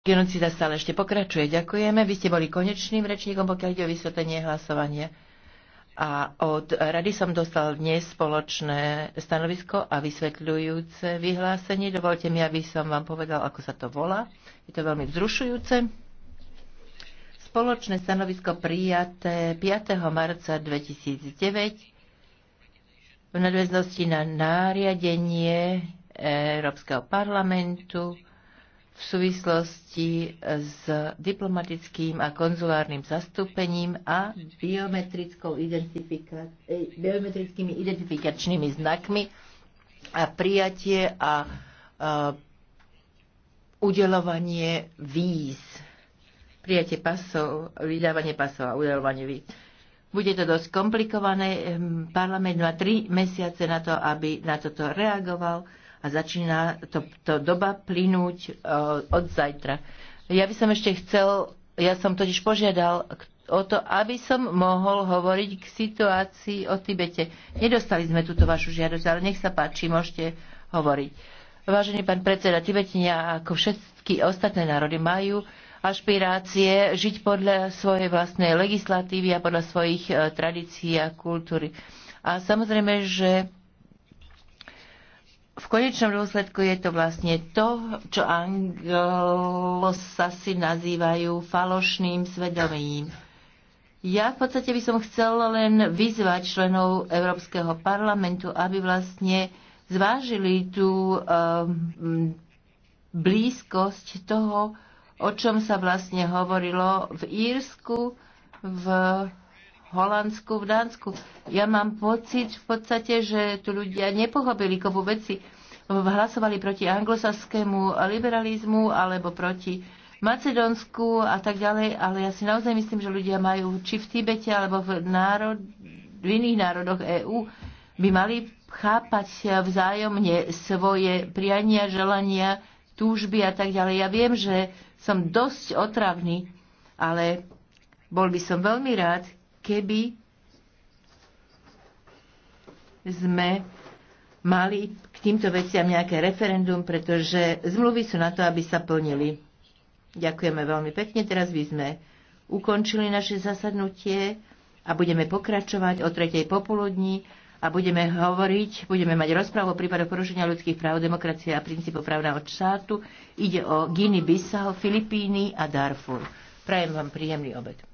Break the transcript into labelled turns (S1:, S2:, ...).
S1: Genocida stále ešte pokračuje. Ďakujeme. Vy ste boli konečným rečníkom, pokiaľ ide o vysvetlenie hlasovania. A od rady som dostal dnes spoločné stanovisko a vysvetľujúce vyhlásenie. Dovolte mi, aby som vám povedal, ako sa to volá. Je to veľmi vzrušujúce. Spoločné stanovisko prijaté 5. marca 2009 v nadväznosti na nariadenie Európskeho parlamentu v súvislosti s diplomatickým a konzulárnym zastúpením a identifika biometrickými identifikačnými znakmi a prijatie a, a udelovanie víz. Prijatie pasov, vydávanie pasov a udelovanie víz. Bude to dosť komplikované. Ehm, parlament má tri mesiace na to, aby na toto reagoval a začína to, to doba plynúť e, od zajtra. Ja by som ešte chcel, ja som totiž požiadal o to, aby som mohol hovoriť k situácii o Tibete. Nedostali sme túto vašu žiadosť, ale nech sa páči, môžete hovoriť. Vážený pán predseda, Tibetania ako všetky ostatné národy majú ašpirácie žiť podľa svojej vlastnej legislatívy a podľa svojich e, tradícií a kultúry. A samozrejme, že konečnom dôsledku je to vlastne to, čo anglosasi nazývajú falošným svedomím. Ja v podstate by som chcela len vyzvať členov Európskeho parlamentu, aby vlastne zvážili tú um, blízkosť toho, o čom sa vlastne hovorilo v Írsku, v Holandsku, v Dánsku. Ja mám pocit v podstate, že tu ľudia nepochopili kopu veci hlasovali proti anglosaskému liberalizmu alebo proti Macedónsku a tak ďalej, ale ja si naozaj myslím, že ľudia majú či v Tibete alebo v, národ, v iných národoch EÚ by mali chápať vzájomne svoje priania, želania, túžby a tak ďalej. Ja viem, že som dosť otravný, ale bol by som veľmi rád, keby sme mali týmto veciam nejaké referendum, pretože zmluvy sú na to, aby sa plnili. Ďakujeme veľmi pekne. Teraz by sme ukončili naše zasadnutie a budeme pokračovať o tretej popoludní a budeme hovoriť, budeme mať rozprávu o prípadoch porušenia ľudských práv, demokracie a princípov právneho štátu. Ide o Guinea-Bissau, Filipíny a Darfur. Prajem vám príjemný obed.